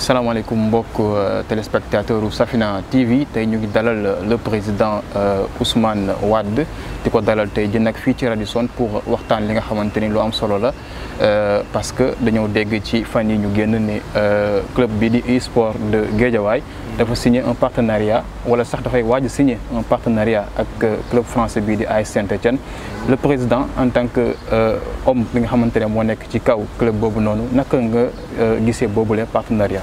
salaamaaleykum mbokk euh, téléspectateur u Safina TV tey ñu ngi dalal euh, le président euh, Ousmane Wade di ko dalal tey jii nag fii ci Radisson pour waxtaan li nga xamante ni am solo la parce que dañoo dégg ci fan yi ñu génn ne club bi di e-sport de Guédiawaye dafa signer un partenariat wala sax a signé un partenariat avec euh, le club français de AS saint etienne le président en tant que euh, homme bi nga xamante ne club boobu noonu euh, le partenariat.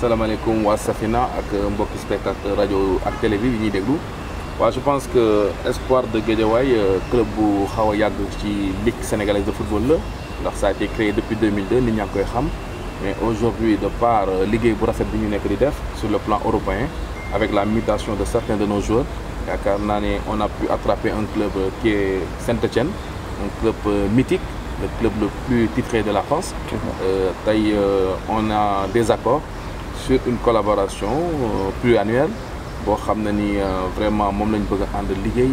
Salam alaikum, wa Safina un mbokki spectateur radio et télé je pense que l'espoir de le club de xaw a la ci ligue sénégalaise de football ça a été créé depuis 2002 nous a ngi koy mais aujourd'hui de par euh, Ligue bu rafet bi ñu di sur le plan européen avec la mutation de certains de nos joueurs on a pu attraper un club euh, qui est Saint-Étienne un club euh, mythique le club le plus titré de la France on a des accords sur une collaboration pluriannuelle annuelle, pour vraiment ni vraiment moom lañ bëgg a qui est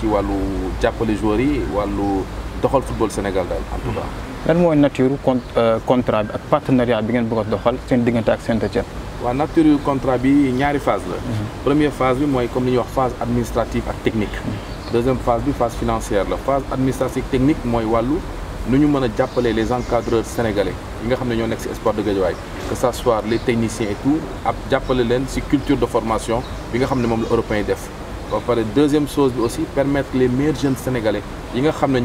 ci wàllu jàppale joueurs yi wàllu doxal football Sénégal en tout mm-hmm est la nature du euh, contrat et du partenariat bi ngeen bëgg a doxal seen diggante ak Saint Etienne. contrat nature contrat bi ñaari phase la. Mhm. première phase est mooy comme phase administrative et technique. Mhm. deuxième phase bi phase financière la phase administrative technique mooy wàllu nu ñu a les encadreurs sénégalais yi nga xam ñoo ci de Guédiawaye que ça soit les techniciens et tout ab jàppale leen ci culture de formation bi nga xam ne moom la def deuxième chose aussi permettre les meilleurs jeunes sénégalais yi nga fait ne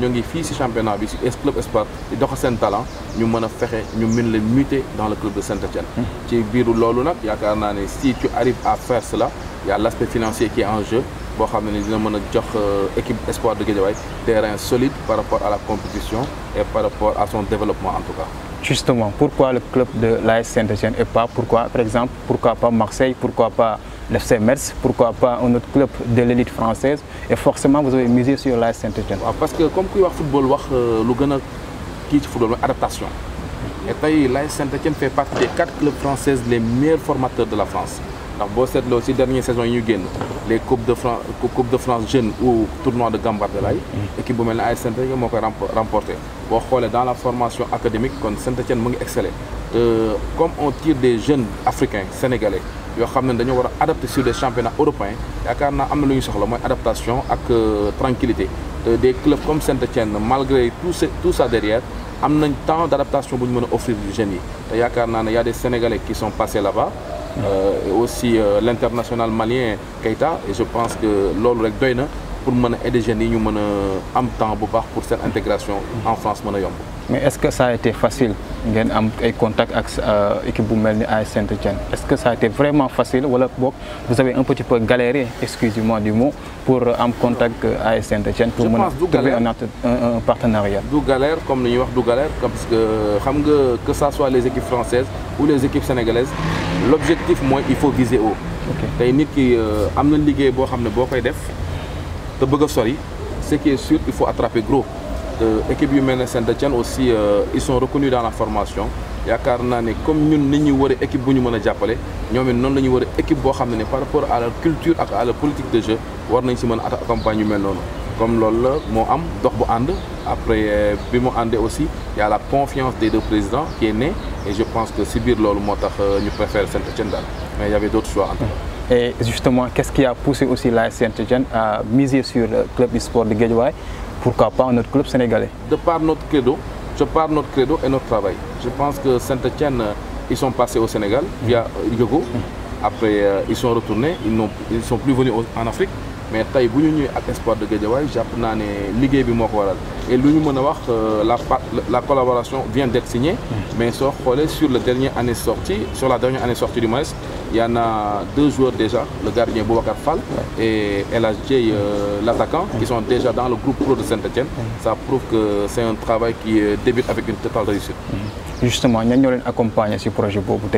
championnat bi ci club espoir ils ont seen talent ñu ont fait ñu muter dans le club de saint etienne hmm. ci si tu arrives à faire cela il y a l'aspect financier qui est en jeu Pour xam ne ni euh, équipe espoir de Guédiawaye terrain solide par rapport à la compétition et par rapport à son développement en tout cas justement pourquoi le club de l'AS Saint-Etienne et pas pourquoi, par exemple, pourquoi pas Marseille, pourquoi pas l'FC Metz, pourquoi pas un autre club de l'élite française et forcément vous avez misé sur l'AS Saint-Etienne. parce que comme kuy football wax euh, lu adaptation et l'AS Saint-Etienne fait partie des quatre clubs français, les meilleurs formateurs de la France ndax dernière saison y ñu eu les coupes de France coupe de France jeunes ou tournoi de Gambardella mhm. équipe bu saint remporté dans la formation académique saint etienne m'a excellé euh, comme on tire des jeunes africains sénégalais on avons adapté sur des championnats européens y a am na lu ñu adaptation ak euh, tranquillité euh, des clubs comme saint etienne malgré tout ce tout ça derrière am tant temps pour adaptation offrir du yi Il y a des sénégalais qui sont passés là-bas euh, et aussi euh, l'international malien Keita et je pense que loolu rek pour aider les jeunes yi avoir temps pour cette intégration en France mais est ce que ça a été facile de am contact avec euh, l'équipe de mel Saint-Étienne est ce que ça a été vraiment facile ou vous avez un petit peu galéré excusez-moi du mot pour avoir contact AS Saint-Étienne pour mën trouver un partenariat. du galère comme nous York, wax du galère parce que xam que ça soit les équipes françaises ou les équipes sénégalaises l'objectif moi, il faut viser haut. tey nit ki euh, am Ligue liggéey de ce qui est sûr il faut attraper gros L'équipe euh, yu mel Saint Etienne aussi euh, ils sont reconnus dans la formation Il y comme ñun nit ñi équipe bu ñu mën a jàppale ñoom équipe par rapport à la culture et à la politique de jeu war nañ si comme l'homme, la am après euh, bi mu aussi, aussi y a la confiance des deux présidents qui est née et je pense que Sibir, biir loolu moo ñu préfère Saint Etienne Mais mais y avait d'autres choix et justement, qu'est-ce qui a poussé aussi la Saint-Etienne à miser sur le club du sport de Guéjouaï, Pourquoi pas notre club sénégalais De par notre credo, je parle notre credo et notre travail. Je pense que Saint-Etienne, euh, ils sont passés au Sénégal via Yogo. Mm. Après, euh, ils sont retournés, ils ne sont plus venus en Afrique mais tay buñu ñuy ak Espoir de Guédiawaye japp na né Ligue bi moko waral et lu euh, la collaboration vient d'être signée mm. mais sur le dernier année sortie sur la dernière année sortie du mois, il y en a deux joueurs déjà le gardien Boubacar Fall et El euh, l'attaquant mm. qui sont déjà dans le groupe pro de Saint-Etienne mm. ça prouve que c'est un travail qui euh, débute avec une totale réussite justement ñan ñoo leen accompagner projet pour vous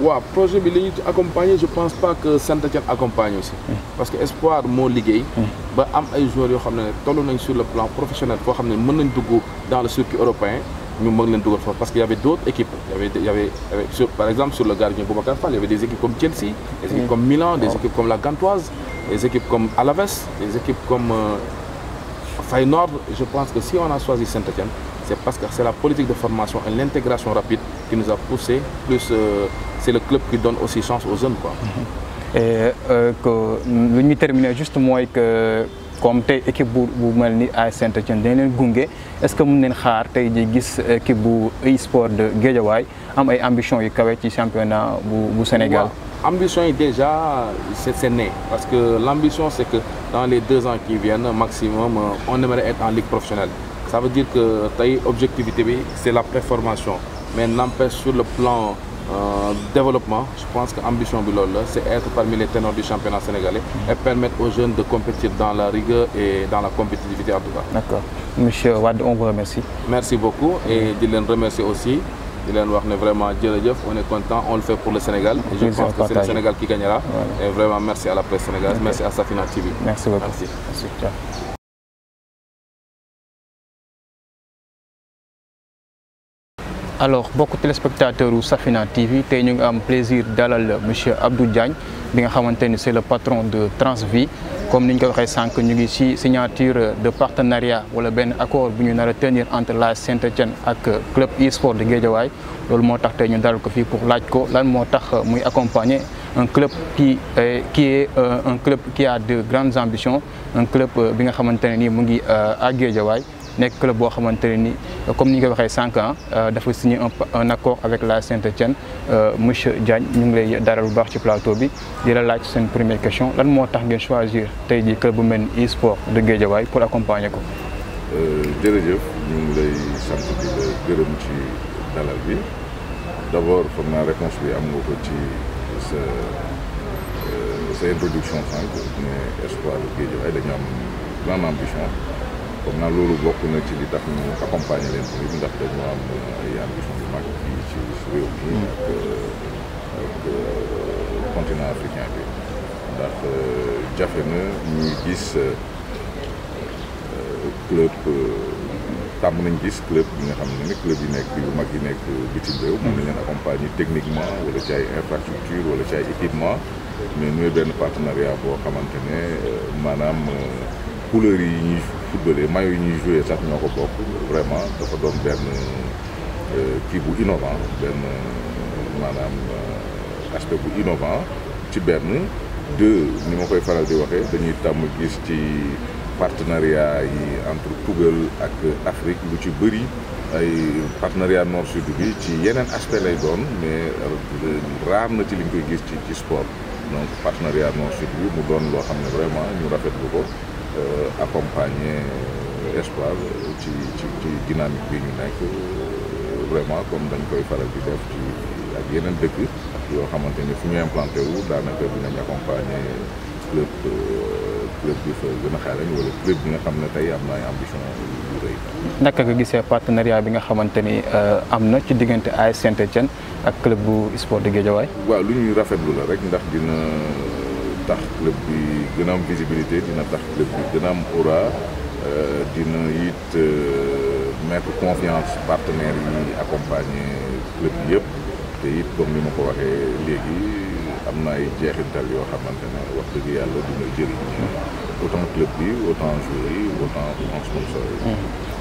le projet bi accompagné, accompagner je pense pas que saint etienne accompagne aussi parce que espoir ligue, liggéey ba am ay joueurs yoo sur le plan professionnel pour amener ne dans le circuit européen ñu parce qu'il y avait d'autres équipes y avait y avait par exemple sur le gardien Boubacar Il y avait des équipes comme Chelsea des équipes comme Milan des équipes comme la Gantoise des équipes comme Alaves des équipes comme euh, Feyenoord je pense que si on a choisi saint etienne parce que c'est la politique de formation et l'intégration rapide qui nous a poussé. Plus, euh, c'est le club qui donne aussi chance aux jeunes. Quoi. Et euh, que nous terminer justement avec que comme t'es équipe vous menez à Saint-Étienne est-ce que vous n'êtes une e-sport de Guédiawaye am ay ambition de qualifier championnat du Sénégal. ambition est déjà c'est né parce que l'ambition c'est que dans les deux ans qui viennent maximum euh, on aimerait être en ligue professionnelle. Ça veut dire que taille objectivité, c'est la préformation. Mais n'empêche sur le plan euh, développement, je pense que l'ambition c'est être parmi les ténors du championnat sénégalais et permettre aux jeunes de compétir dans la rigueur et dans la compétitivité en D'accord. Monsieur Wad, on vous remercie. Merci beaucoup et je les remercier aussi. Dylan est vraiment, Dieu, on est content, on le fait pour le Sénégal. je pense que c'est le Sénégal qui gagnera. Et vraiment, merci à la presse sénégalaise, merci à Safina TV. Merci beaucoup. merci. alors beaucoup de téléspectateurs de Safina TV nous avons le plaisir plaisir à M. Abdou Diagne bi c'est le patron de Transvie comme nous l'avons récent, nous avons ñu signature de partenariat ou un accord que nous avons entre la Saint-Etienne et le club e-sport de Guédiawaï. Nous avons fait un ñu pour laaj ko lan accompagné accompagner un club qui qui est euh, un club qui a de grandes ambitions un club qui euh, est euh, à Guédiawaye nek club boo xamante ni comme ni ñu ko waxee cinq ans ah, euh, dafa signé un accord avec la Saint-Etienne euh, monsieur Diagne ñu ngi lay daral bu baax ci plateau bi di la laaj seen première question lan moo tax ngeen choisir tey jii club men e-sport de Guédiawaye pour accompagner ko. Euh, jërëjëf ñu ngi lay sant di la gërëm ci dalal bi d'abord foog naa réponse bi am nga ko ci sa sa introduction sànq ne espoir de Guédiawaye dañu am grande ambition. comme nag loolu bokk na ci li tax ñu accompagner leen ci biir ndax dañoo am ay ambition yu mag fii ci réew mm. euh, bi ndax euh, jafe na ñuy euh, club nañ gis club bi nga xam ne ni club yi nekk yu mag yi nekk bitim réew mm. mën nañ leen accompagner techniquement wala ci ay infrastructure wala ci équipement mais ñooy benn partenariat boo xamante ne maanaam couleur yi ñuy footballé maillot yi jouer sax ñoko ko bokk vraiment dafa doon euh kii bu innovant ben maanaam euh, aspect bu innovant ci ben deux ni ma koy faral di waxe dañuy tam gis ci partenariat yi entre Tugal ak Afrique lu ci bëri ay partenariat nord sud bi ci yeneen aspect lay doon mais euh, raar na ci li ñu koy gis ci ci sport donc partenariat nord sud bi mu doon loo xam ne vraiment ñu rafetlu ko Euh, accompagner euh, Espoir euh, ci ci ci dynamique bi ñu nekk vraiment comme dañ koy faral di def ci ak yeneen dëkk yoo xamante ni fu ñu implanté wu daanaka dinañ accompagner club club bi fa gën a xarañ wala club bi nga xam ne tey am na ambition yu rëy. naka nga gisee partenariat bi nga xamante ni am na ci diggante AS Saint-Étienne ak club bu sport de Guédiawaye. waaw lu ñuy rafetlu la rek ndax dina tax club bi. dina am visibilité dina tax club bi dina am aura euh, dina it euh, mettre confiance partenaires yi accompagner club bi yëpp te it comme ni ma ko waxee léegi am na ay jeexintal yoo xamante ne wax dëgg yàlla dina jëriñ autant club bi autant joueurs yi autant sponsor yi mm-hmm.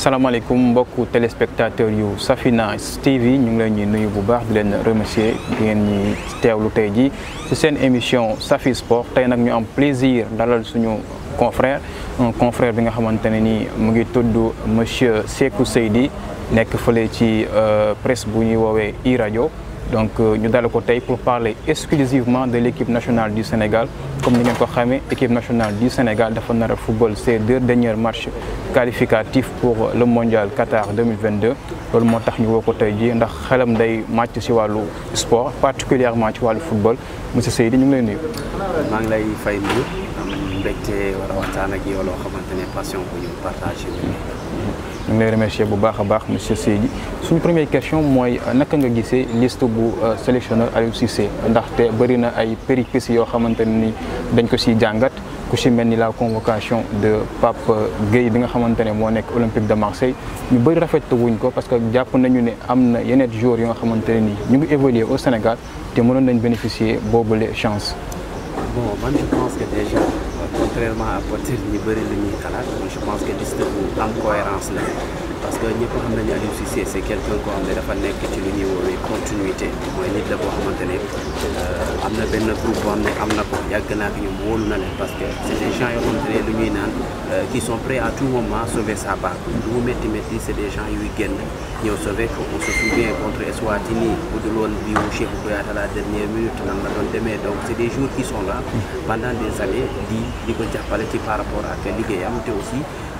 Salam, beaucoup téléspectateurs yu Safina TV ñu ngi nous nuyu bu baax di remercier di émission Safi Sport tay nous ñu am plaisir dalal suñu confrère un confrère bi nga xamante nous mu ngi monsieur Seydi euh, presse bu donc euh, ñu dale ko tey pour parler exclusivement de l'équipe nationale du Sénégal comme nous l'avons ko l'équipe équipe nationale du Sénégal dafa football ces deux dernières matchs qualificatifs pour le mondial Qatar 2022 loolu moo tax ñu woo ko tey jii ndax xelam day ci sport particulièrement ci le football monsieur Seydi ñu ngi lay Je maa ngi lay fay mbir am nañu mbégte war a waxtaan passion pour ñu partager ñu ngi lay remercier bu baax a monsieur Seydi suñu première question mooy naka nga gisee liste bu euh, sélectionneur Aliou Cissé té bari na ay péripéties yo xamanténi dañ ko ci jangat ku ci melni la convocation de Pape euh, Gueye bi nga xamanténi mo nek Olympique de Marseille ñu bari rafetlu wuñ ko parce que japp nañu né amna na yeneen yo xamanténi ñu ngi évoluer au Sénégal té mënon nañ bénéficier boobule chance. bon man je pense que déjà. contrairement à peut-être ñu bëri la ñuy xalaat je pense que liste bu am cohérence la parce que ñepp xam c'est quelqu'un ko xam dafa continuité mooy nit la parce que c'est des gens euh, qui sont prêts à tout moment sauver sa part. c'est des gens yuy génn ñëw sauver on se souvient contre Eswatini bu de à la dernière minute donc c'est des jours qui sont là pendant des années di ko ci par rapport à liggéeyam te aussi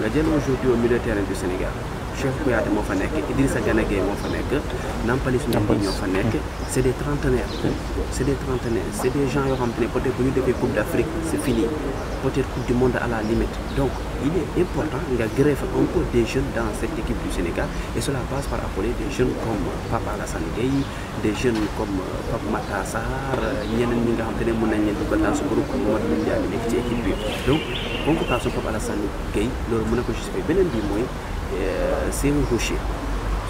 La jël aujourd'hui au milieu de terrain du Sénégal Cheikh Kouyaté moo fa Idrissa Gana Gueye moo fa nekk Nampalis Mendy ñoo fa des trentenaires C'est des trentenaires C'est des gens qui ont rempli peut être bu ñu defee coupe d'Afrique, c'est fini peut être coupe du monde à la limite donc il est important nga greffer encore des jeunes dans cette équipe du Sénégal et cela passe par appeler des jeunes comme Papa Alassane Gueye des jeunes comme euh, Pape Matar Sahar, euh, ñeneen ñi nga xam te dans ce groupe Mamadou Ndiaye bi nekk Donc, équipe bi donc Papa Pape Alassane Gaye. loolu mën na ko justifier beneen bi mooy euh, c'est un gaucher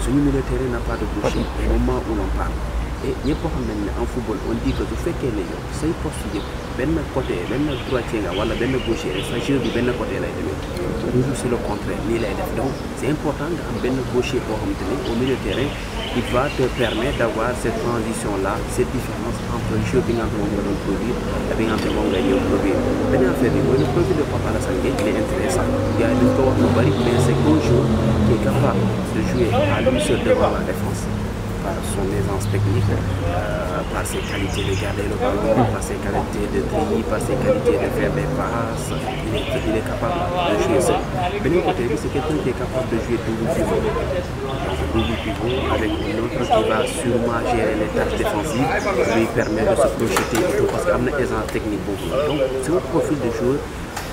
le milieu terrain n'a pas de gaucher au moment où l'on parle et n'y a pas en football on dit que tu fais ne est say poste de côté ben droitier nga wala gaucher du côté c'est le contraire donc c'est important nga am gaucher au milieu terrain il va te permettre d'avoir cette transition-là, cette différence entre le jeu bien entendu gagné produit et bien entendu dans le produit. Mais en fait, le produit de Papa la il est intéressant. Il y a une cohorte mais c'est qu'un jour qui est capable de jouer à lui seul devant la défense par son aisance technique. Euh, pas ses qualités de garder le ballon, mm. par ses qualités de trier, pas ses qualités de faire des passes. Il est, capable de jouer ça. Benin côté, c'est quelqu'un qui est capable de jouer double pivot. double pivot avec une autre qui va sûrement gérer les tâches défensives, lui permet de se projeter parce qu'il a une aisance technique beaucoup. Donc, c'est un profil de joueur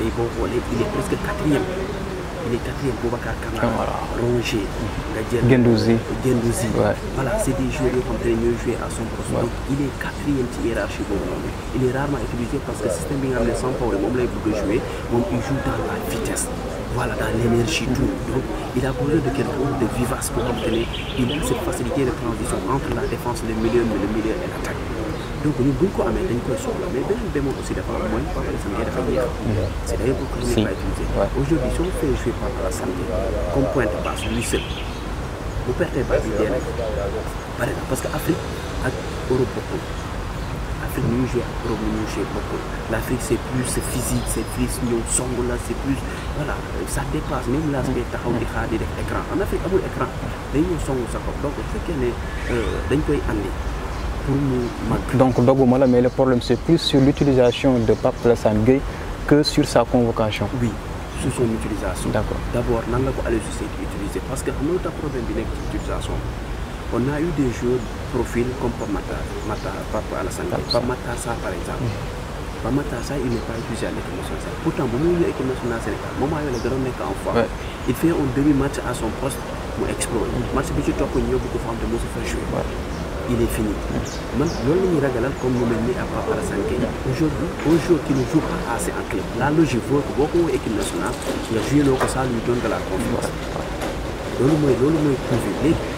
il est presque quatrième il est quatrième Boubacar Kamara ah, Rongé nga Gendouzi voilà c'est des joueurs qui ont très mieux joué à son poste il est quatrième ci hiérarchie il est rarement utilisé parce que le système est sans xam ne pour moom il joue dans la vitesse voilà, dans l'énergie, tout. Donc, il a besoin de quelque chose de vivace pour obtenir. Il a cette facilité de transition entre la défense, le milieu, le milieu et l'attaque. donc nous, beaucoup à mettre amee sur mais beneen aussi d'avoir moins de Pape de Santé de la famille. cest que je n'ai pas utilisé. aujourd'hui si on fait jouer par la Santé comme pointe base, lui seul vous peut être bi parce qu'Afrique Afrique Europe l'Afrique nous joue beaucoup. L'Afrique c'est plus physique, c'est plus ñëw song là c'est plus voilà ça dépasse même là ngay taxaw di xaar di des écrans en Afrique amul écran day ñëw sa bopp donc bu fekkee ne euh, dañ koy andi pour nous mag. donc doguma la mais le problème c'est plus sur l'utilisation de Pape Lassane Gueye que sur sa convocation. oui sur son utilisation. d'accord d'abord nan la ko aller Cissé utiliser parce que am na problème bi utilisation on a eu des jeux profil comme Pamata, Mata, Papa Alassane, Pamata Sa par exemple. Mhm. Pamata Sa, il n'est pas utilisé à l'équipe nationale. Pourtant, moment où l'équipe nationale Sénégal, moment où le grand mec en forme, il fait un demi-match à son poste, mu explose. Mhm. Match bi ci topp ñëw bu ko am faire jouer. il est fini. même le miracle ñuy comme nous mel ni à Papa Alassane Gueye. Aujourd'hui, un joueur qui ne joue pas assez en club. La logique veut que beaucoup ko équipe nationale, le joué loo ko ça lui donne de la confiance. loolu mooy loolu mooy prouvé léegi.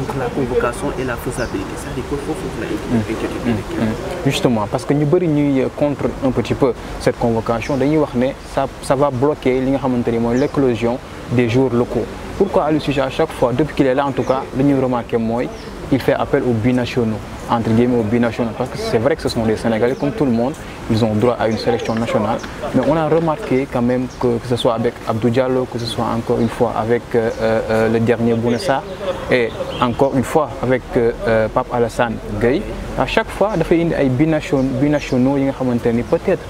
entre la convocation et la faisabilité c'est-à-dire que la hum. inquiétude hum. hum. justement parce que nous sommes contre un petit peu cette convocation dañuy wax ça ça va bloquer l'éclosion des jours locaux pourquoi le sujet à chaque fois depuis qu'il est là en tout cas nous remarquons remarqué il fait appel aux binationaux, entre guillemets aux binationaux, parce que c'est vrai que ce sont des Sénégalais, comme tout le monde, ils ont droit à une sélection nationale. Mais on a remarqué quand même que, ce soit avec Abdou Diallo, que ce soit encore une fois avec euh, euh, le dernier Bounessa, et encore une fois avec euh, Pape Alassane Gueye, à chaque fois, il y a des binationaux, binationaux peut-être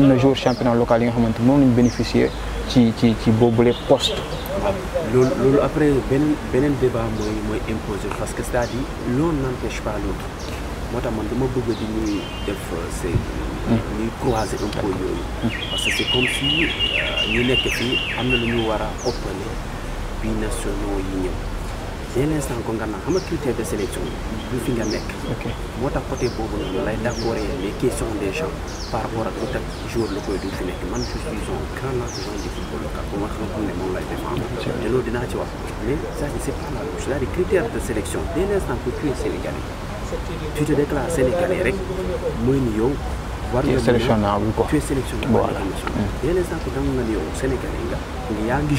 am jour joueur championnat local yi nga xamante moom lañu bénéficier ci ci ci boobule poste. waaw loolu loolu après beneen beneen débat mooy mooy imposé parce que c'est-à-dire l'un n'empêche pas l'autre moo tax man dama bëgg di ñuy def euh, c'est hmm. ñuy croiser un peu yooyu. Hmm. parce que c'est comme si euh, ñu nekk fii am na lu ñu war a bi nationaux yi ñëw dès l' instant ko nga naan xam critère de sélection lu fi nga nekk. moo côté boobu noonu lay d' les questions des gens par rapport ak lu jour la koy duñ fi nekk man je suis un grand artisan du football local bu ma xam ne moom lay défendre. te loolu dinaa ci wax mais ça c'est pas la même chose c' est critère de sélection dès l' que tu es sénégalais tu te déclares sénégalais rek mooy ni yow. war nga sélectionnable tu es sélectionnable. voilà dès l' instant que mm. dama nga ni il y a yaa ngi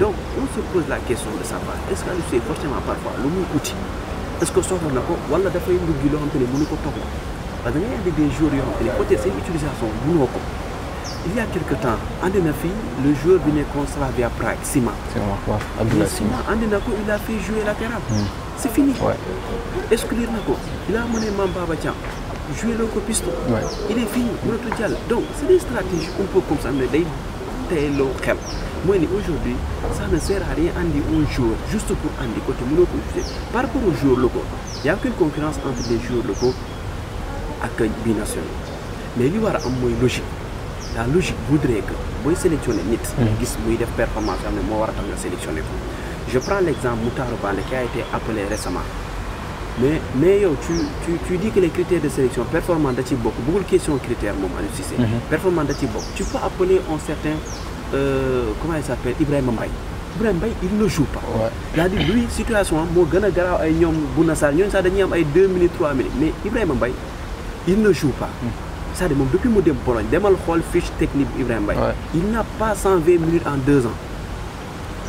Donc, on se pose la question de savoir est-ce que c'est forcément parfois le muy outil est-ce que soxla na ko wala dafay nduggi loo parce qu'il y a des jours où xam te a peut-être il y a quelque temps un de mes filles, le joueur venait construire via Prague Sima. Sima quoi Sima andi na il a fait jouer latéral. Hmm. c'est fini. est-ce que na ko il a amené Mamba Baba jouer le copiste. il est fini notre jàll donc c'est des stratégies qu'on peut comme ça mais des aujourd'hui, ça ne sert à rien Andy un jour, juste pour Andy, côté Par rapport aux jour locaux, il n'y a aucune concurrence entre les jours locaux et les Mais il y a une logique. La logique voudrait que, si sélectionner NIT, qui hmm. def performance, je sélectionner. Je prends l'exemple Moutar qui a été appelé récemment. mais mais tu tu dis que les critères de sélection performance da beaucoup de questions question critère sais, hmm. performance da tu peux appeler un certain euh, comment il s'appelle Ibrahim Mbaye Ibrahim Mbaye il ne joue pas c'est-à-dire lui situation il a garaaw ay ñoom Bouna Sarr ñooñu sax dañuy am ay 2 minutes 3 minutes mais Ibrahim Mbaye il ne joue pas hmm. c'est-à-dire moom depuis mu dem Bologne demal fiche technique Ibrahim Mbaye il n'a pas 120 minutes en 2 ans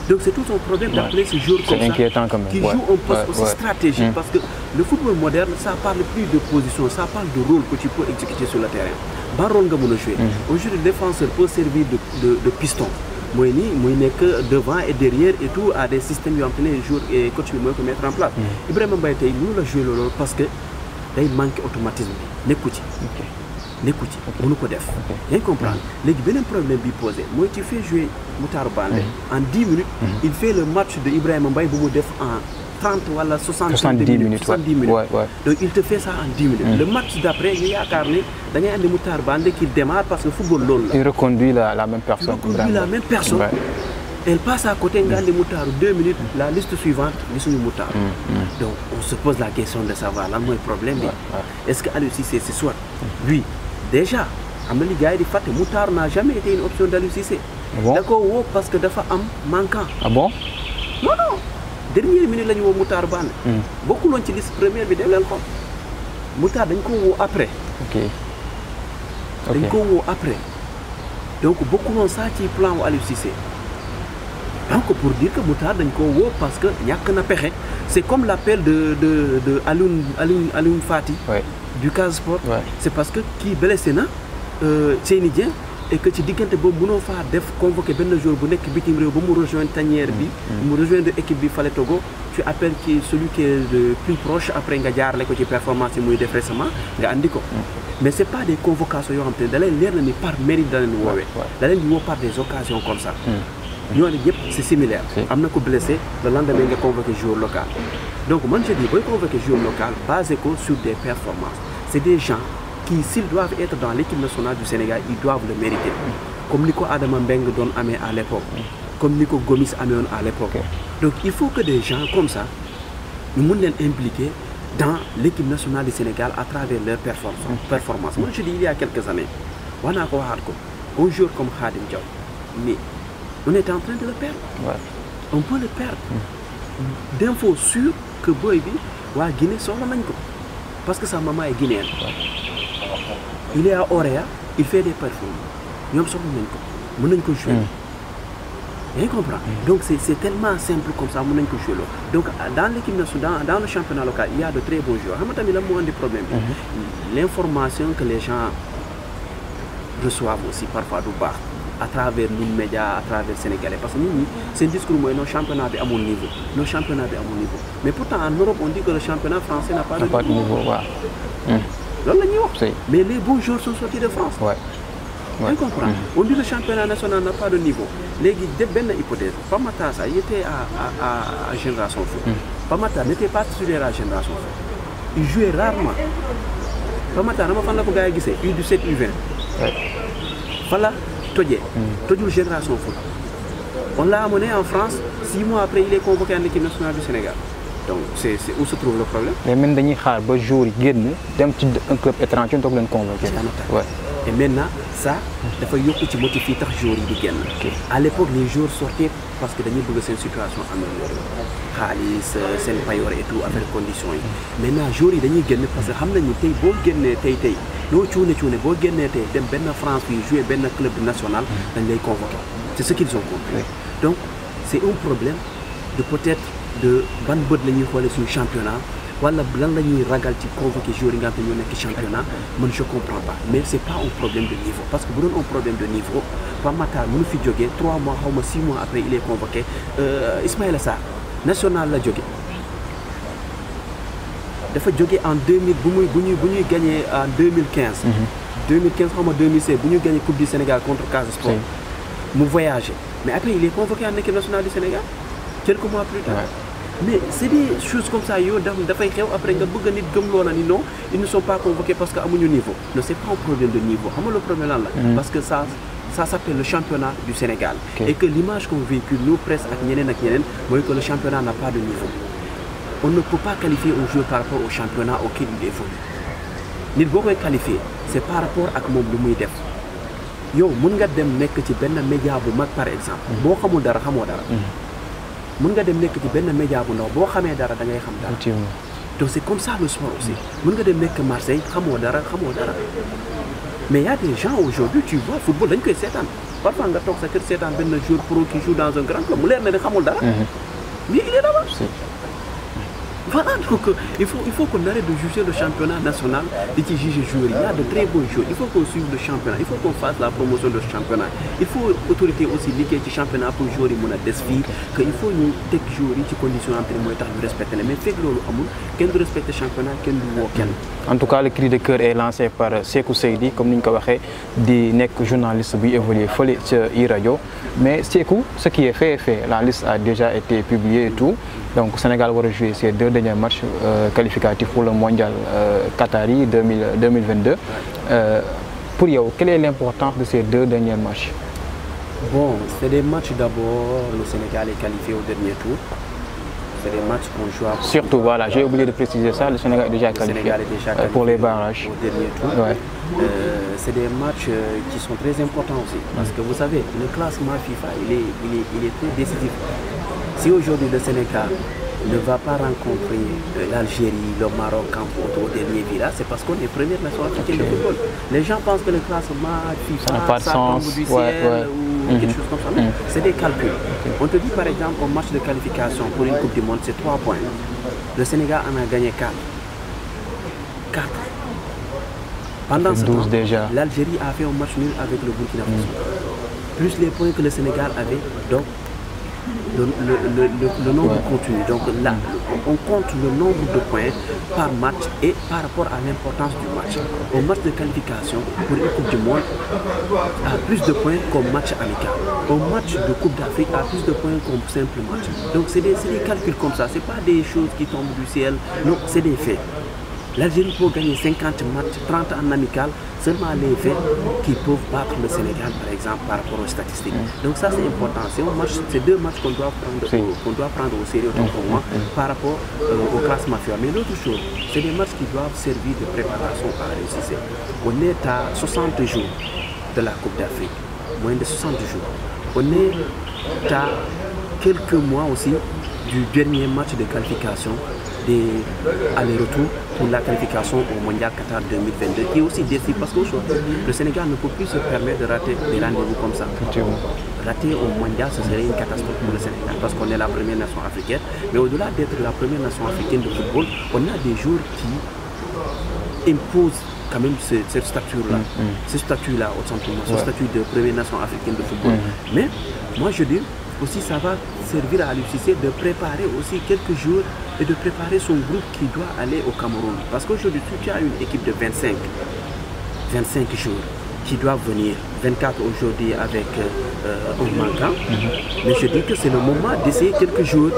donc c'est tout son problème d'appeler ce jour comme ça qui joue un poste aussi stratégique hmm. parce que le football moderne ça parle plus de position ça parle de rôle que tu peux exécuter sur le terrain baron rôle nga mën jouer mm. aujourd'hui le défenseur peut servir de de, de piston mooy nii muy que devant et derrière et tout à des systèmes yo xam te jour et coach bi mooy ko mettre en place mm. Ibrahim Mbaye était mënu la jouer lolo parce que day manque automatisme nekou ci nekou ci mënu ko def yaa comprendre mm. légui benen problème bi posé moy tu fais jouer Moutar en 10 minutes il fait le match de Ibrahima Mbaye bu mu def en 30 wala 60. 70 minutes 70 minutes donc il te fait ça en 10 minutes. Mm. le match d'après, il y a ni da andi Moutar qui démarrent parce que le football l'eau. il reconduit la même personne. il reconduit la même personne. elle passe à côté d'un des Moutar deux minutes la liste suivante gisuñu Moutar. Mm, mm. donc on se pose la question de savoir là mon problème est ce que Aliou Cissé c'est soit lui déjà à na li gars di n'a jamais été une option d'aller c'est. Cissé. Ah bon? D'accord. parce que dafa am manquant. ah bon dernière minute la wo woo Moutar Bane. Hmm. bokkuloon ci liste première bi dem ko Moutar dañ ko wo après. ok dañ ko après donc bokkuloon saa ci plan wu Aliou Cissé donc pour dire que Moutar dañ ko wo parce que ñàkk na pexé c'est comme l'appel de de de Alioune Alioune Alioune Fati. du Cas Sport. C'est parce que qui blessé na euh, Seyni Dieng et que tu diggante boobu mënoo fa def convoquer ben jour bu nek bitim rew bu mu rejoindre tanière bi. Mm-hmm. mu rejoindre équipe bi fale Togo. tu appelles qui, celui qui est le plus proche après nga jaarale ko ci performance muy def récemment nga andi ko. Mm-hmm. mais c'est pas des convocations yo xam te ne da leen ni par mérite da leen woowee. da par des occasions comme ça. Mm-hmm. ñoni yépp c'est similaire. amna ko blessé le lendemain nga convoquer jour local. donc man je dis booy convoquer joueur local basé ko sur des performances C'est des gens qui, s'ils doivent être dans l'équipe nationale du Sénégal, ils doivent le mériter. Comme Nico Adama Mbeng donne Amé à l'époque, comme Nico Gomis Améon à l'époque. Donc il faut que des gens comme ça, nous puissions impliquer dans l'équipe nationale du Sénégal à travers leur performances. Mm. Performance. Moi, je dis il y a quelques années, on a un jour comme Khadim Diaw, mais on est en train de le perdre. On peut le perdre. Mm. Mm. D'infos sûres que va Guinée chose. Parce que sa maman est guinéenne il est à Oréa, il fait des performances Il soxla a ko mën nañ ko jouer. Hmm. yaa hmm. donc c'est tellement simple comme ça mën donc dans l'équipe nationale dans le championnat local il y a de très bons joueurs Tu nga tamit lan andi problème hmm. L'information que les gens reçoivent aussi parfois du bas, à travers les médias, à travers les Sénégalais. Parce que nous, c'est un discours nos championnats à mon niveau. Nos championnats à mon niveau. Mais pourtant, en Europe, on dit que le championnat français n'a pas, de niveau mais les bons joueurs sont sortis de France. Ouais. Mm-hmm. On dit que le championnat national n'a pas de niveau. a de ben hypothèse. Pamata, ça, il était à, à, à, Génération Foot. Mmh. Pamata n'était pas titulaire à Génération Foot. Il jouait rarement. Pamata, je ne sais vous U17, U20. Ouais. Voilà, Todje. une Génération Foot. On l'a amené en France. Six mois après, il est convoqué à l'équipe nationale du Sénégal donc c'est où se trouve le problème. mais même dañuy xaar ba jour yi génn dem ci un club étranger ñu toog leen convoqué. et maintenant ça dafa yokk ci motif yi tax jour yi di à l'époque les jours sortaient parce que dañuy bëgg seen situation améliorée xaalis euh, seen payoor et tout affaire conditions yi. maintenant jour yi dañuy génn parce que xam nañu tey boo génnee tey tey loo cuune cuune boo génnee tey dem benn France bi jouer benn club national dañ lay convoqué c'est ce qu'ils ont compris donc c'est un problème de peut-être de ban de la ñuy le championnat wala lan la ñuy ragal ci convoqué joueurs je nga xam championnat man je comprends pas mais ce n'est pas un problème de niveau parce que bu doon un problème de niveau quand Matar mënu fi joggé 3 mois xawma 6 mois après il est convoqué euh, Ismaïla Sarr national la joggé dafa joggé en 2000 bu muy bu en 2015. 2015 xawma 2016 bu ñuy mhm. coupe du Sénégal contre Casa Sport mu voyagé mais après il est convoqué en équipe nationale du Sénégal quelques mois plus tard mais c'est des choses comme ça yo après que nit na ni non ils ne sont pas convoqués parce que amuñu niveau ne c'est pas un problème de niveau xam le problème mm. parce que ça ça s'appelle le championnat du Sénégal et que l'image qu'on véhicule nous presse ak ñeneen ak ñeneen voyez que le championnat n'a pas de niveau on ne peut pas qualifier un joueur par rapport au championnat auquel il évolue nit il koy qualifier c'est par rapport ak mom lu muy def yo mën nga dem nek ci ben média bu mag par exemple mm. bon xamul dara xamoo dara mm. mun nga dem nekk ci benn média bu ndaw boo xamee dara da ngay xam dara. donc c' est comme ça le sport aussi. mën nga dem nekk Marseille xamoo dara xamoo dara mais y' a des gens aujourd'hui tu football dañ koy seetaan parfois nga toog sa kër seetaan benn jour pro qui joue dans un grand club mu leer na ne xamul dara. Mhm. mais il est là donc il faut, il faut qu'on arrête de juger le championnat national, de juger joueurs. Il y a de très bons joueurs. Il faut qu'on suive le championnat. Il faut qu'on fasse la promotion de ce championnat. Il faut autorité aussi que du championnat pour jouer yi pour a des que il faut que tek joueurs les ci condition entraîné de tax respecter mais c'est loolu amul le championnat le en tout cas le cri de cœur est lancé par Sekou Seydi comme nous l'avons ko des di nekk journaliste buy évolué fële ca radio mais ce qui est fait est fait la liste a déjà été publiée et tout donc Sénégal va a jouer ces deux match euh, qualificatif pour le mondial euh, Qatari 2022. Euh, pour vous, quelle est l'importance de ces deux derniers matchs Bon, c'est des matchs d'abord, le Sénégal est qualifié au dernier tour. C'est des matchs qu'on joue à Surtout, voilà, j'ai oublié de préciser ça, le Sénégal est déjà qualifié, pour les barrages. Au dernier tour. c'est des matchs qui sont très importants aussi. Parce que vous savez, le classement FIFA, il est, il est, décisif. Si aujourd'hui le Sénégal ne va pas rencontrer l'Algérie, le Maroc en photo au dernier village, c'est parce qu'on est première nation africaine okay. le football. Les gens pensent que le classement, FIFA, ça tombe du ciel ouais, ou mhm. quelque chose comme ça. Mhm. C'est des calculs. On te dit par exemple au match de qualification pour une Coupe du Monde, c'est 3 points. Le Sénégal en a gagné 4. 4. Pendant ce temps, l'Algérie a fait un match nul avec le Burkina Faso. Mhm. Plus les points que le Sénégal avait, donc le, nombre continu. Donc là, on compte le nombre de points par match et par rapport à l'importance du match. au match de qualification pour une Coupe du Monde a plus de points qu'un match amical. au match de Coupe d'Afrique a plus de points qu'un simple match. Donc c'est des, des calculs comme ça, c'est pas des choses qui tombent du ciel, non, c'est des faits. L'Algérie peut gagner 50 matchs, 30 en amical, seulement les 20 qui peuvent battre le Sénégal, par exemple, par rapport aux statistiques. Donc ça, c'est important. C'est deux matchs qu'on doit, prendre, qu'on doit prendre au sérieux, pour moi, par rapport aux euh, au classement Mais l'autre chose, c'est des matchs qui doivent servir de préparation à réussir. On est à 60 jours de la Coupe d'Afrique, moins de 60 jours. On est à quelques mois aussi du dernier match de qualification des allers-retours pour la qualification au Mondial Qatar 2022, qui est aussi défi parce que le Sénégal ne peut plus se permettre de rater des rendez-vous comme ça. Rater au Mondial, ce serait une catastrophe pour le Sénégal parce qu'on est la première nation africaine. Mais au-delà d'être la première nation africaine de football, on a des jours qui imposent quand même cette stature-là, Ce mm, mm. cette statut-là au centre, ce statut de première nation africaine de football. Mm. Mais moi je dis, aussi ça va servir à l'UCC de préparer aussi quelques jours et de préparer son groupe qui doit aller au Cameroun. Parce qu'aujourd'hui, tu as une équipe de 25, 25 jours qui doivent venir, 24 aujourd'hui avec euh, un mhm. Mais je dis que c'est le moment d'essayer quelques jours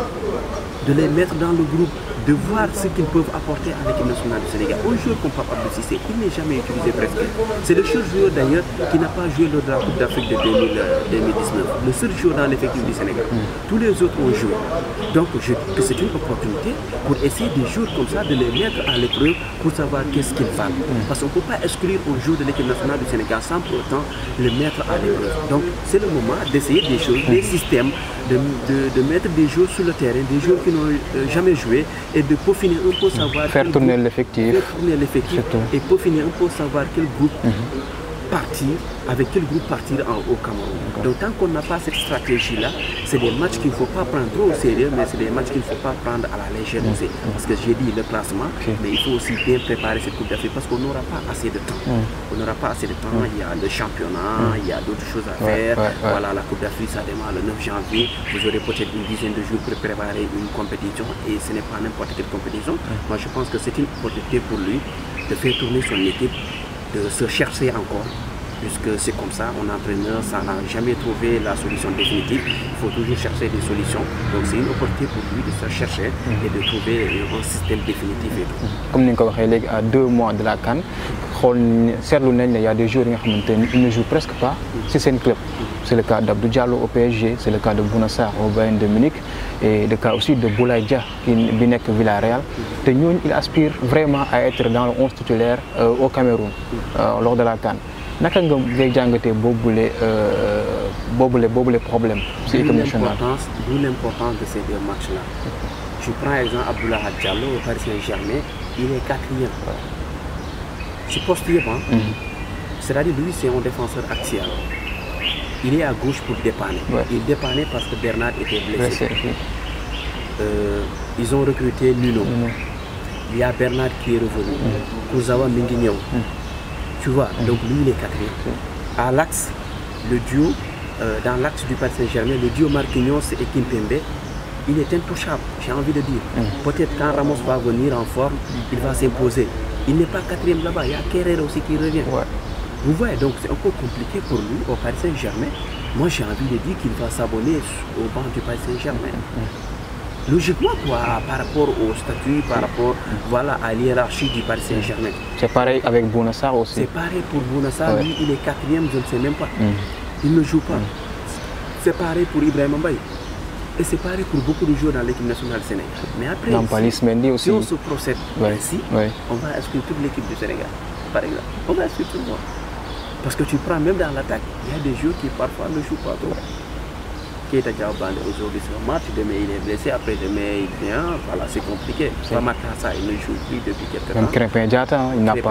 de les mettre dans le groupe de voir ce qu'ils peuvent apporter à l'équipe nationale du Sénégal. Un joueur comme Papa c'est il n'est jamais utilisé presque. C'est le seul joueur d'ailleurs qui n'a pas joué lors de la d'Afrique de 2019. Euh, le seul joueur dans l'effectif du Sénégal. Mm. Tous les autres ont joué. Donc je, que c'est une opportunité pour essayer des jours comme ça, de les mettre à l'épreuve pour savoir qu'est-ce qu'ils valent. Mm. Parce qu'on ne peut pas exclure un jour de l'équipe nationale du Sénégal sans pour autant le mettre à l'épreuve. Donc c'est le moment d'essayer des choses, des mm. systèmes, de, mettre des joueurs sur le terrain, des joueurs qui n'ont euh, jamais joué et de peaufiner un peu savoir. Faire tourner l'effectif. Et peaufiner un peu savoir quel groupe mhm partir, avec quel groupe partir au Cameroun. Donc tant qu'on n'a pas cette stratégie-là, c'est des matchs qu'il ne faut pas prendre trop au sérieux, mais c'est des matchs qu'il ne faut pas prendre à la légère mm. Parce que j'ai dit le classement, mais il faut aussi bien préparer cette Coupe d'Afrique parce qu'on n'aura pas assez de temps. Mm. On n'aura pas assez de temps, mm. il y a le championnat, il y a d'autres choses à faire. Voilà, la Coupe d'Afrique, ça démarre le 9 janvier. Vous aurez peut-être une dizaine de jours pour préparer une compétition et ce n'est pas n'importe quelle compétition. Moi, je pense que c'est une opportunité pour lui de faire tourner son équipe de se chercher encore. Puisque c'est comme ça, un entraîneur, ça n'a jamais trouvé la solution définitive. Il faut toujours chercher des solutions. Donc c'est une opportunité pour lui de se chercher et de trouver un système définitif. Comme nous avons à deux mois de la Cannes, il y a des jours Il ne joue presque pas. C'est un club. C'est le cas d'Abdou Diallo au PSG, c'est le cas de Bounassar au Bayern de Munich et le cas aussi de Boulaïdia qui est Villarreal. De nous, il aspire vraiment à être dans le 11 titulaire euh, au Cameroun euh, lors de la Cannes. Naka nga ngay jàngatee euh, problèmes des d'où l'importance de ces deux matchs là je prends exemple Abdoulaye Diallo au Paris Saint-Germain il est quatrième je poste hein, mhm. c'est-à-dire lui c'est un défenseur axial il est à gauche pour dépanner. Il dépannait parce que Bernard était blessé. Euh, ils ont recruté Nuno. Il y a Bernard qui est revenu. Nous avons Tu vois, donc lui il est quatrième. À l'axe, le duo, euh, dans l'axe du Paris Saint-Germain, le duo Marquinhos et Kimpembe, il est intouchable, j'ai envie de dire. Peut-être quand Ramos va venir en forme, il va s'imposer. Il n'est pas quatrième là-bas, il y a Kerrer aussi qui revient. Vous voyez, donc c'est encore compliqué pour lui, au Paris Saint-Germain. Moi, j'ai envie de dire qu'il va s'abonner au banc du Paris Saint-Germain. Logiquement, quoi, par rapport au statut, par rapport voilà, à l'hierarchie du Paris Saint-Germain. C'est pareil avec Bounassar aussi. C'est pareil pour Bounassar, lui, il est quatrième, je ne sais même pas. Mm. Il ne joue pas. Mm. C'est pareil pour Ibrahim Mbaye. Et c'est pareil pour beaucoup de joueurs dans l'équipe nationale du Mais après, si on se procède on va exclure toute l'équipe du Sénégal, par exemple. On va exclure tout le monde. Parce que tu prends même dans l'attaque, il y a des jeux qui parfois ne jouent pas trop au aujourd'hui sur un match, demain il est blessé, après demain il vient, voilà, c'est compliqué. ça, il ne joue plus depuis quelques temps. Hein, il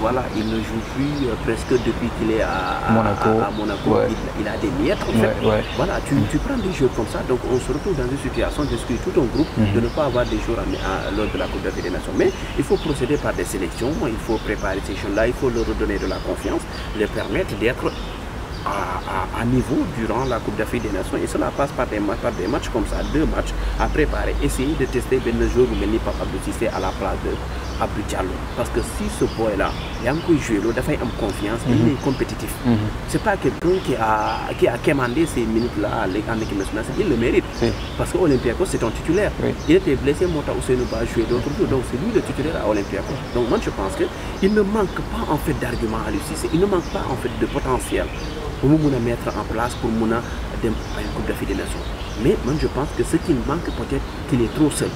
voilà, il ne joue plus euh, presque depuis qu'il est à, Monaco. Il, a des miettes, en fait. Voilà, mm. tu, prends des jeux comme ça, donc on se retrouve dans une situation d'exclure tout un groupe mm. de ne pas avoir des jours lors de la Coupe de la Fédération. Mais il faut procéder par des sélections, il faut préparer ces jeunes-là, il faut leur redonner de la confiance, leur permettre d'être à, niveau durant la Coupe d'Afrique des Nations. Et cela passe par des, des matchs comme ça, deux matchs à préparer, essayer de tester ben, le jour où Papa à la place de parce que si ce boy là un un de joué il dafay am confiance. il mhm. est compétitif. Mhm. c'est pas quelqu'un qui a qui a commandé ces minutes là à l'équipe en équipe nationale il le mérite. parce que c'est c'est un titulaire. il était blessé mon tax Ousseynou pas joué d' d'autres donc c'est lui le titulaire à Olympiakos donc moi je pense que il ne manque pas en fait d'arguments à lui il ne manque pas en fait de potentiel pour nous mettre en place pour mun a dem coup Coupe des mais moi je pense que ce qui manque peut-être qu'il est trop seul.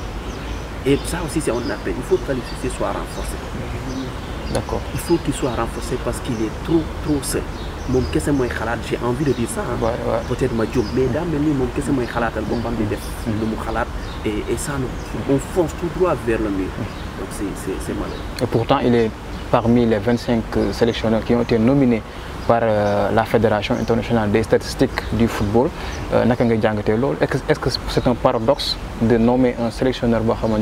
Et ça aussi, c'est un appel. Il faut que l'efficacité soit renforcée. D'accord. Il faut qu'il soit renforcé parce qu'il est trop, trop seul. mon est moins j'ai envie de dire ça hein. peut-être ma mais là mon bon le et ça ça on fonce tout droit vers le mur donc c'est malheureux et pourtant il est parmi les 25 euh, sélectionneurs qui ont été nominés par euh, la Fédération internationale des statistiques du football euh, est-ce que c'est un paradoxe de nommer un sélectionneur comme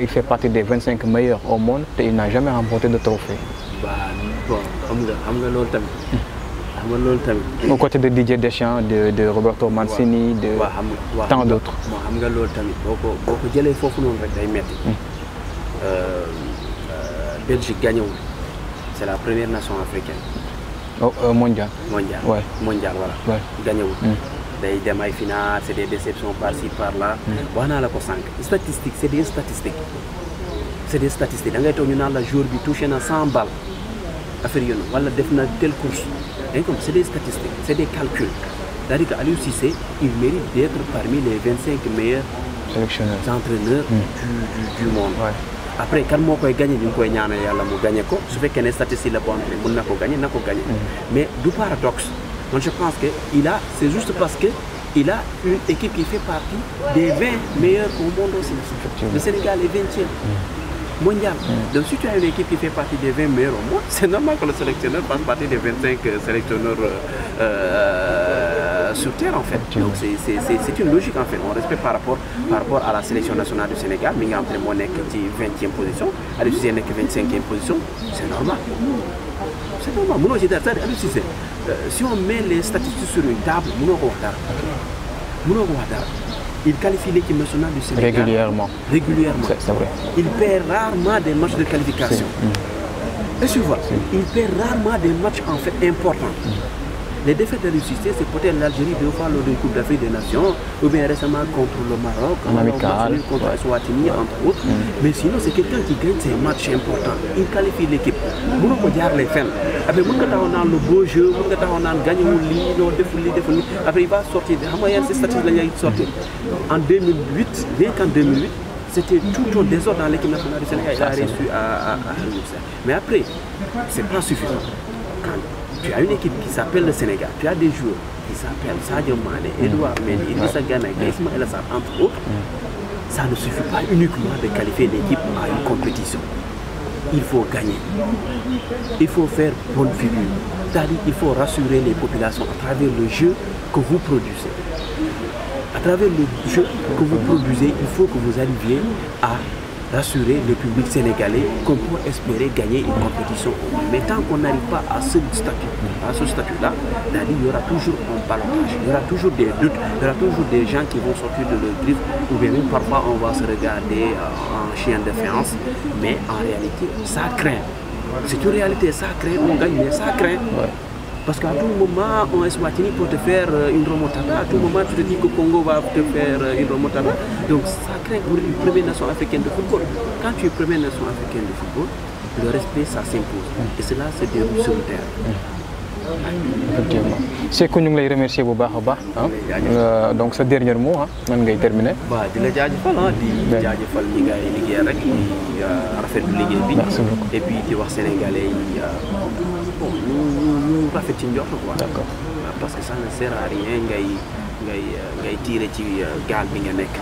il fait partie des 25 meilleurs au monde et il n'a jamais remporté de trophée. Bah, hmm. au côté de Didier Deschamps de Roberto Mancini. de tant d'autres. Hmm. Euh, Belgique gagne, c'est la première nation africaine. Oh, euh, mondial. Mondial. Ouais. Mondial, voilà. Ouais. Gagné où mm. day dem c'est des déceptions par-ci par-là. Voilà mm. la ko Statistiques, c'est des statistiques c'est des statistiques Dans les toog ñu la jour bi touché na 100 balles affaire yoon wala def na telle course c'est des statistiques c'est des calculs c'est-à-dire il mérite d'être parmi les 25 meilleurs entraîneurs mm. du monde après quand moi peut gagné ñu ngi koy ñaanal yàlla mu gagné ko su statistique la bonne mais gagner, na gagner. gagné mais du paradoxe je pense que il a c'est juste parce que il a une équipe qui fait partie des 20 meilleurs au monde aussi le Sénégal est 20e mondial mm. donc si tu as une équipe qui fait partie des 20 meilleurs au monde c'est normal que le sélectionneur fasse partie des 25 sélectionneurs euh, euh, sur terre en fait donc c'est une logique en fait on respecte par rapport par rapport à la sélection nationale du Sénégal mais nga xam qui 20e position Aliou Cissé est 25e position c'est normal C'est normal euh, si on met les statistiques sur une table il qualifie l'équipe nationale du Sénégal régulièrement régulièrement c'est il perd rarement des matchs de qualification mm. et tu vois il perd rarement des matchs en fait importants mm. Les défaites de Russie, c'est peut-être l'Algérie deux fois lors d'une Coupe d'Afrique des Nations, ou bien récemment contre le Maroc, Amical, contre la Swatini, entre autres. Mm. Mais sinon, c'est quelqu'un qui gagne ses matchs importants. Il qualifie l'équipe. Nous avons dire les fins. Après, nous avons le beau jeu, nous avons gagné le lit, nous avons Après, il va sortir. Ces statistiques-là, il sortir. En 2008, dès qu'en 2008, c'était toujours désordre dans l'équipe nationale du Sénégal. Il a reçu à, à, Mais après, ce n'est pas suffisant tu as une équipe qui s'appelle le Sénégal, tu as des joueurs qui s'appellent Sadio Mane, Edouard mm. Mendy, Idrissa Gana, entre autres. Mm. Ça ne suffit pas uniquement de qualifier l'équipe à une compétition. Il faut gagner. Il faut faire bonne figure. C'est-à-dire qu'il faut rassurer les populations à travers le jeu que vous produisez. À travers le jeu que vous produisez, il faut que vous arriviez à rassurer le public sénégalais qu'on peut espérer gagner une compétition. Mais tant qu'on n'arrive pas à ce statut, à ce statut-là, il y aura toujours un ballonage, il y aura toujours des doutes, il y aura toujours des gens qui vont sortir de leur griffe, ou bien même parfois on va se regarder euh, en chien de défense mais en réalité, ça craint. C'est une réalité, ça craint, on gagne, mais ça craint. Parce qu'à tout moment, Eswatini peut te faire euh, une remontada. À tout moment, tu te dis que Congo va te faire euh, une remontada. Donc, ça crée pour une première nation africaine de football. Quand tu es première nation africaine de football, le respect, ça s'impose. Et cela c'est déroule sur le terrain. Effectivement. C'est que nous les remercions beaucoup. Hein? donc, ce dernier mot, hein? on va terminer. Ah, euh, Merci beaucoup. Et puis, tu vois Sénégalais. bon ñu ñu pas fait ci njort quoi. d'accord euh, parce que ça ne sert à rien ngay ngay euh, ngay tiire ci euh, gaal bi nga nekk.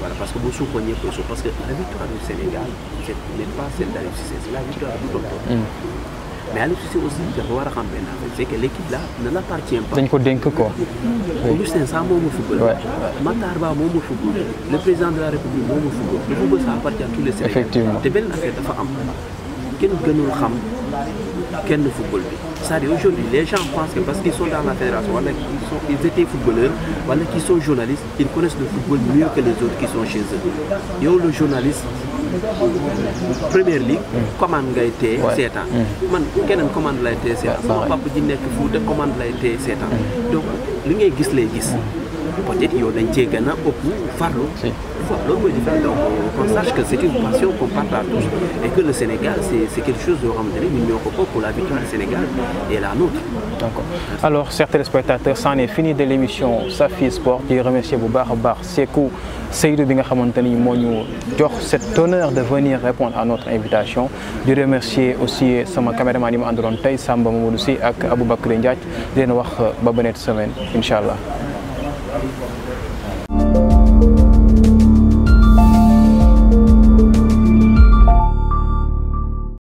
voilà parce que bu suufoo ñëpp suuf parce que la victoire du Sénégal c'est n'est pas celle d'Aliou Cissé c'est la victoire du docteur. Mm. mais Aliou Cissé aussi dafa war a xam c'est que l'équipe là ne l'appartient pas. dañ ko dénk quoi. Augustin Sarr moo ma football. waaw Matar Ba moo le président de la République moo ma football. le football ça appartient à tous les Sénégalais. effectivement te benn affaire dafa am kenn gënul xam. Quel football bi c'est-à-dire aujourd'hui les gens pensent que parce qu'ils sont dans la fédération sont ils étaient footballeurs wala qu'ils sont journalistes ils connaissent le football mieux que les autres qui sont chez eux yow le journaliste première ligue hmm. commande ngay 7 ans. Hmm. man keneen commande lay téye seetaan pas bah, papa ji foot, Fuuta commande ils 7 ans. donc li ngay gis lay hmm peut-être qu'il y a un farlu voilà loolu mooy qu'on sache que c'est une passion qu'on partage et que le Sénégal c'est quelque chose de ramener mais on pour la victoire du Sénégal et la nôtre. d'accord alors chers téléspectateurs c'en est fini de l'émission Safi Sport Je remercie bu baax Sekou Seydou bi nga xamante cet honneur de venir répondre à notre invitation Je remercie aussi sama caméraman Andron Samba Mamadou et ak Aboubacar Ndiaye di leen wax ba semaine Inch'Allah. algo